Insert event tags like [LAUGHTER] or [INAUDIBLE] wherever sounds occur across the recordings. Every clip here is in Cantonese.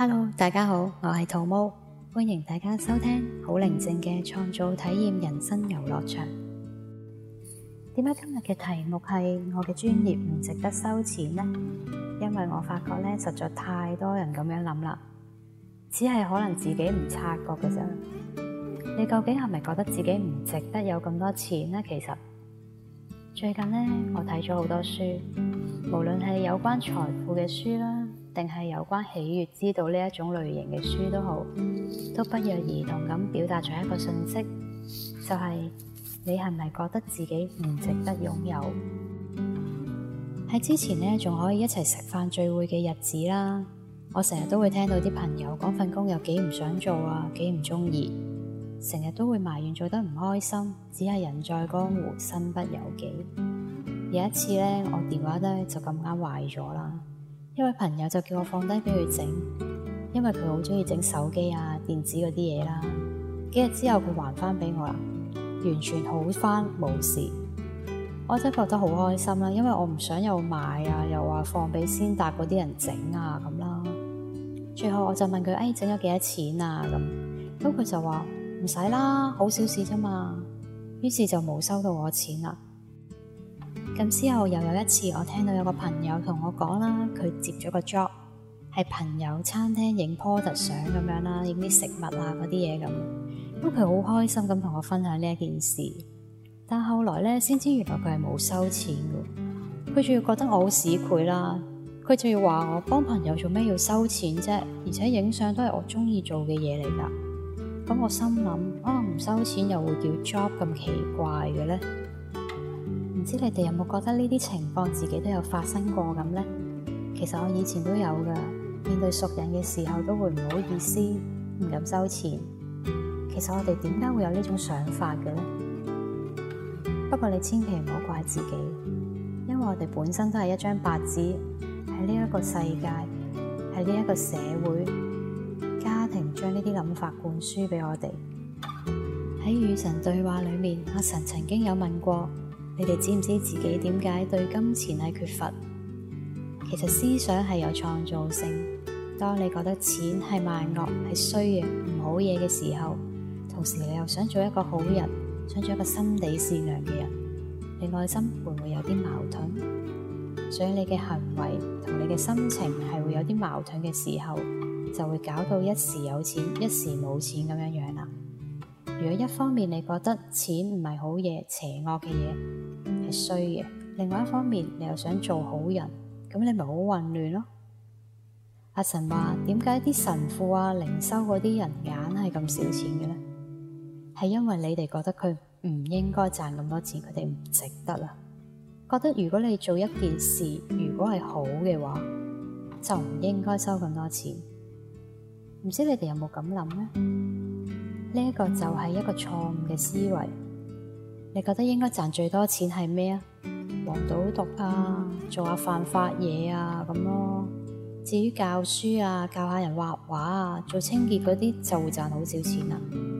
Hello，大家好，我係兔毛，歡迎大家收聽好寧靜嘅創造體驗人生遊樂場。點解今日嘅題目係我嘅專業唔值得收錢呢？因為我發覺咧實在太多人咁樣諗啦，只係可能自己唔察覺嘅啫。你究竟係咪覺得自己唔值得有咁多錢呢？其實最近咧，我睇咗好多書，無論係有關財富嘅書啦。定係有關喜悅之道呢一種類型嘅書都好，都不約而同咁表達咗一個信息，就係、是、你係咪覺得自己唔值得擁有？喺 [NOISE] [NOISE] 之前呢，仲可以一齊食飯聚會嘅日子啦，嗯、我成日都會聽到啲朋友講份工有幾唔想做啊，幾唔中意，成日都會埋怨做得唔開心，只係人在江湖，身不由己。有一次呢，我電話咧就咁啱壞咗啦。 [NOISE] 一位朋友就叫我放低俾佢整，因為佢好中意整手機啊、電子嗰啲嘢啦。幾日之後佢還翻俾我啦，完全好翻冇事，我真覺得好開心啦。因為我唔想又買啊，又話放俾先達嗰啲人整啊咁啦。最後我就問佢：誒、哎，整咗幾多錢啊？咁，咁佢就話唔使啦，好小事啫嘛。於是就冇收到我錢啦。咁之後又有一次，我聽到有個朋友同我講啦，佢接咗個 job，係朋友餐廳影 product 相咁樣啦，影啲食物啊、嗰啲嘢咁。咁佢好開心咁同我分享呢一件事，但後來咧先知原來佢係冇收錢噶，佢仲要覺得我好市儈啦，佢仲要話我幫朋友做咩要收錢啫？而且影相都係我中意做嘅嘢嚟噶。咁我心諗可能唔收錢又會叫 job 咁奇怪嘅咧？唔知你哋有冇覺得呢啲情況自己都有發生過咁呢？其實我以前都有噶，面對熟人嘅時候都會唔好意思，唔敢收錢。其實我哋點解會有呢種想法嘅呢？不過你千祈唔好怪自己，因為我哋本身都係一張白紙。喺呢一個世界，喺呢一個社會，家庭將呢啲諗法灌輸俾我哋。喺與神對話裏面，阿神曾，曾經有問過。你哋知唔知自己點解對金錢係缺乏？其實思想係有創造性。當你覺得錢係萬惡、係衰嘅唔好嘢嘅時候，同時你又想做一個好人，想做一個心地善良嘅人，你內心會唔會有啲矛盾？所以你嘅行為同你嘅心情係會有啲矛盾嘅時候，就會搞到一時有錢，一時冇錢咁樣樣啦。如果一方面你覺得錢唔係好嘢、邪惡嘅嘢，係衰嘅，另外一方面你又想做好人，咁你咪好混亂咯啊。阿神話：點解啲神父啊、靈修嗰啲人硬係咁少錢嘅呢？係因為你哋覺得佢唔應該賺咁多錢，佢哋唔值得啦。覺得如果你做一件事，如果係好嘅話，就唔應該收咁多錢。唔知你哋有冇咁諗呢？呢、這、一個就係一個錯誤嘅思維。你覺得應該賺最多錢係咩啊？黃賭毒啊，做下犯法嘢啊咁咯啊。至於教書啊，教下人畫畫啊，做清潔嗰啲就會賺好少錢啦啊。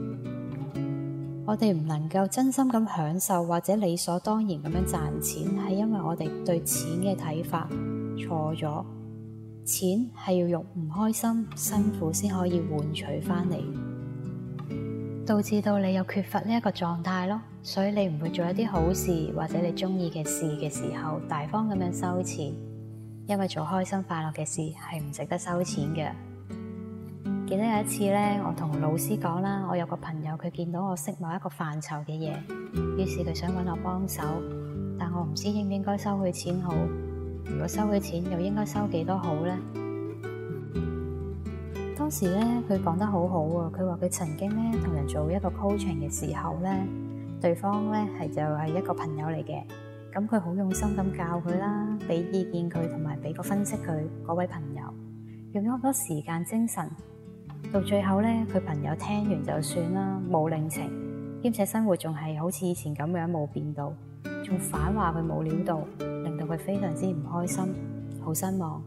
[NOISE] 我哋唔能夠真心咁享受或者理所當然咁樣賺錢，係因為我哋對錢嘅睇法錯咗。錢係要用唔開心、辛苦先可以換取翻嚟。導致到你又缺乏呢一個狀態咯，所以你唔會做一啲好事或者你中意嘅事嘅時候，大方咁樣收錢，因為做開心快樂嘅事係唔值得收錢嘅。記得有一次咧，我同老師講啦，我有個朋友佢見到我識某一個範疇嘅嘢，於是佢想揾我幫手，但我唔知應唔應該收佢錢好？如果收佢錢，又應該收幾多好呢？當時咧，佢講得好好喎。佢話佢曾經咧同人做一個 coaching 嘅時候咧，對方咧係就係一個朋友嚟嘅。咁佢好用心咁教佢啦，俾意見佢同埋俾個分析佢嗰位朋友，用咗好多時間精神。到最後咧，佢朋友聽完就算啦，冇領情，兼且生活仲係好似以前咁樣冇變到，仲反話佢冇料到，令到佢非常之唔開心，好失望。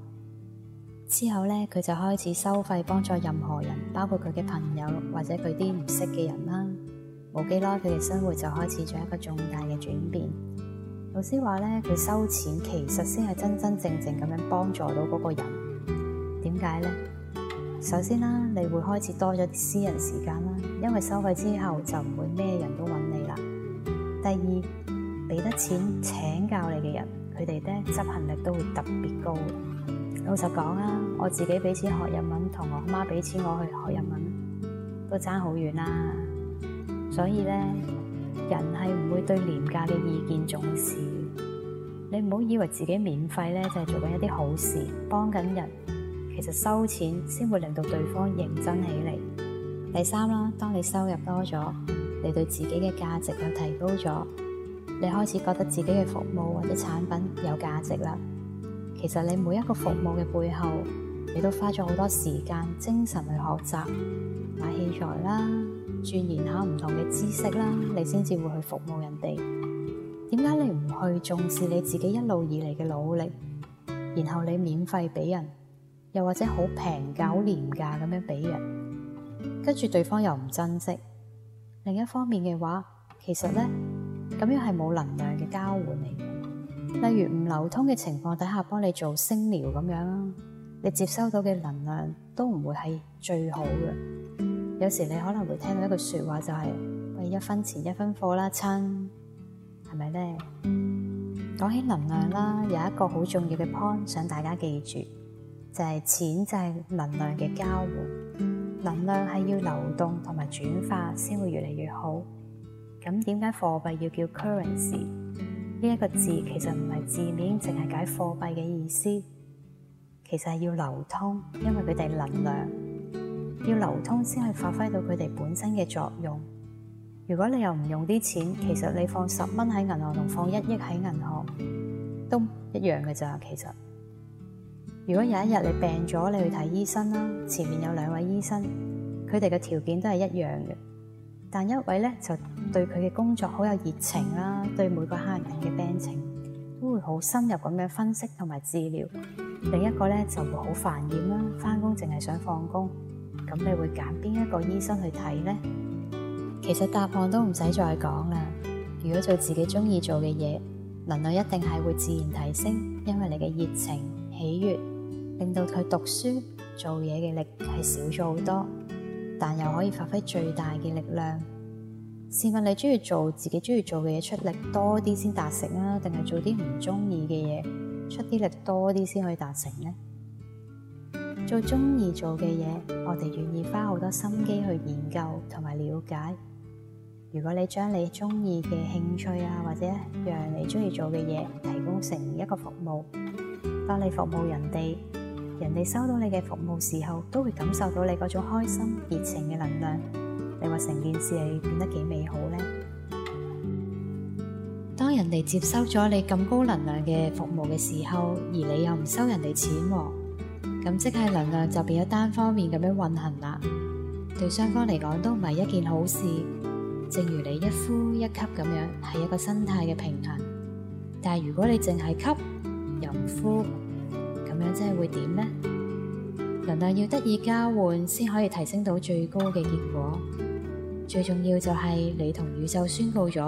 之後咧，佢就開始收費幫助任何人，包括佢嘅朋友或者佢啲唔識嘅人啦。無幾耐，佢嘅生活就開始咗一個重大嘅轉變。老師話咧，佢收錢其實先係真真正正咁樣幫助到嗰個人。點解呢？首先啦，啊，你會開始多咗啲私人時間啦，因為收費之後就唔會咩人都揾你啦。第二，俾得錢請教你嘅人，佢哋咧執行力都會特別高。老實講啊，我自己俾錢學日文，同我媽俾錢我去學日文，都差好遠啦。所以咧，人係唔會對廉價嘅意見重視。你唔好以為自己免費咧就係做緊一啲好事，幫緊人，其實收錢先會令到對方認真起嚟。第三啦，當你收入多咗，你對自己嘅價值又提高咗，你開始覺得自己嘅服務或者產品有價值啦。其實你每一個服務嘅背後，你都花咗好多時間、精神去學習買器材啦，鑽研下唔同嘅知識啦，你先至會去服務人哋。點解你唔去重視你自己一路以嚟嘅努力，然後你免費俾人，又或者好平價、廉價咁樣俾人，跟住對方又唔珍惜。另一方面嘅話，其實咧，咁樣係冇能量嘅交換嚟。例如唔流通嘅情況底下，幫你做星療咁樣，你接收到嘅能量都唔會係最好嘅。有時你可能會聽到一句說話，就係：喂，一分錢一分貨啦，親，係咪咧？講起能量啦，有一個好重要嘅 point 想大家記住，就係錢就係能量嘅交換，能量係要流動同埋轉化先會越嚟越好。咁點解貨幣要叫 currency？呢一個字其實唔係字面，淨係解貨幣嘅意思，其實係要流通，因為佢哋能量要流通先可以發揮到佢哋本身嘅作用。如果你又唔用啲錢，其實你放十蚊喺銀行同放一億喺銀行都一樣嘅咋。其實，如果有一日你病咗，你去睇醫生啦，前面有兩位醫生，佢哋嘅條件都係一樣嘅。但一位咧就對佢嘅工作好有熱情啦，對每個客人嘅病情都會好深入咁樣分析同埋治療。另一個咧就會好煩厭啦，翻工淨係想放工。咁你會揀邊一個醫生去睇咧？其實答案都唔使再講啦。如果做自己中意做嘅嘢，能量一定係會自然提升，因為你嘅熱情、喜悅令到佢讀書、做嘢嘅力係少咗好多。但又可以發揮最大嘅力量。試問你中意做自己中意做嘅嘢出力多啲先達成啊，定係做啲唔中意嘅嘢出啲力多啲先去達成呢？做中意做嘅嘢，我哋願意花好多心機去研究同埋了解。如果你將你中意嘅興趣啊，或者讓你中意做嘅嘢提供成一個服務，當你服務人哋。人哋收到你嘅服務時候，都會感受到你嗰種開心、熱情嘅能量。你話成件事係變得幾美好呢？當人哋接收咗你咁高能量嘅服務嘅時候，而你又唔收人哋錢，咁即係能量就變咗單方面咁樣運行啦。對雙方嚟講都唔係一件好事。正如你一呼一吸咁樣，係一個生態嘅平衡。但係如果你淨係吸，又唔呼。咁樣真係會點呢？能量要得以交換，先可以提升到最高嘅結果。最重要就係你同宇宙宣告咗，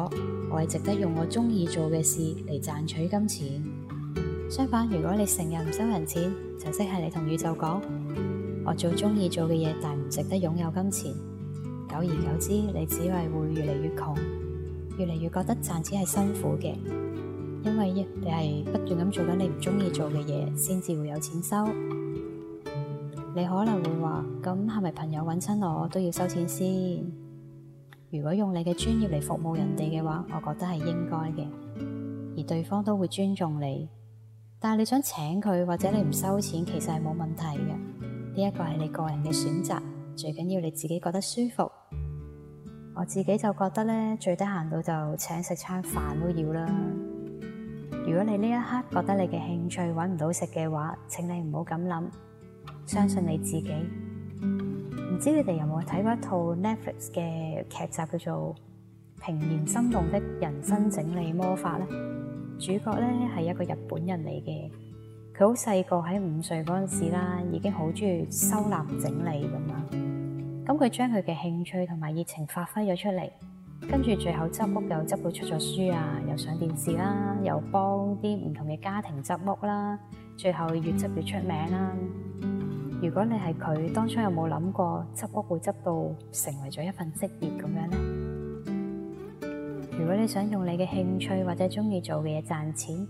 我係值得用我中意做嘅事嚟賺取金錢。相反，如果你成日唔收人錢，就即係你同宇宙講，我做中意做嘅嘢，但唔值得擁有金錢。久而久之，你只係會越嚟越窮，越嚟越覺得賺錢係辛苦嘅。因為一定係不斷咁做緊你唔中意做嘅嘢，先至會有錢收。你可能會話，咁係咪朋友揾親我，我都要收錢先？如果用你嘅專業嚟服務人哋嘅話，我覺得係應該嘅，而對方都會尊重你。但係你想請佢或者你唔收錢，其實係冇問題嘅。呢、這、一個係你個人嘅選擇，最緊要你自己覺得舒服。我自己就覺得咧，最低限度就請食餐飯都要啦。如果你呢一刻覺得你嘅興趣揾唔到食嘅話，請你唔好咁諗，相信你自己。唔知你哋有冇睇過一套 Netflix 嘅劇集叫做《怦然心動的人生整理魔法》咧？主角咧係一個日本人嚟嘅，佢好細個喺五歲嗰陣時啦，已經好鍾意收納整理咁啦。咁佢將佢嘅興趣同埋熱情發揮咗出嚟。跟住最後執屋又執到出咗書啊，又上電視啦，又幫啲唔同嘅家庭執屋啦，最後越執越出名啦。如果你係佢，當初有冇諗過執屋會執到成為咗一份職業咁樣呢？如果你想用你嘅興趣或者鍾意做嘅嘢賺錢，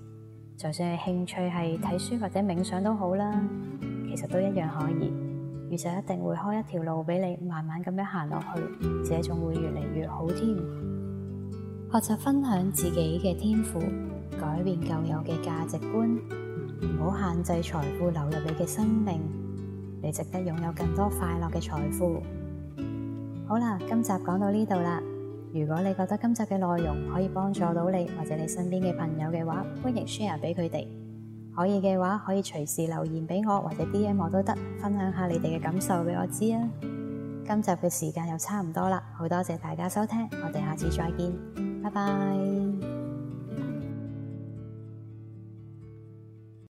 就算係興趣係睇書或者冥想都好啦，其實都一樣可以。宇宙一定會開一條路俾你，慢慢咁樣行落去，這仲會越嚟越好添。學習分享自己嘅天賦，改變舊有嘅價值觀，唔好限制財富流入你嘅生命，你值得擁有更多快樂嘅財富。好啦，今集講到呢度啦。如果你覺得今集嘅內容可以幫助到你或者你身邊嘅朋友嘅話，歡迎 share 俾佢哋。可以嘅話，可以隨時留言俾我，或者 DM 我都得，分享下你哋嘅感受俾我知啊！今集嘅時間又差唔多啦，好多謝大家收聽，我哋下次再見，拜拜。